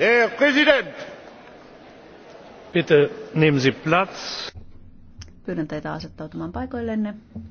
herr präsident! bitte nehmen sie platz. pyydän teitä asettautumaan paikoillenne.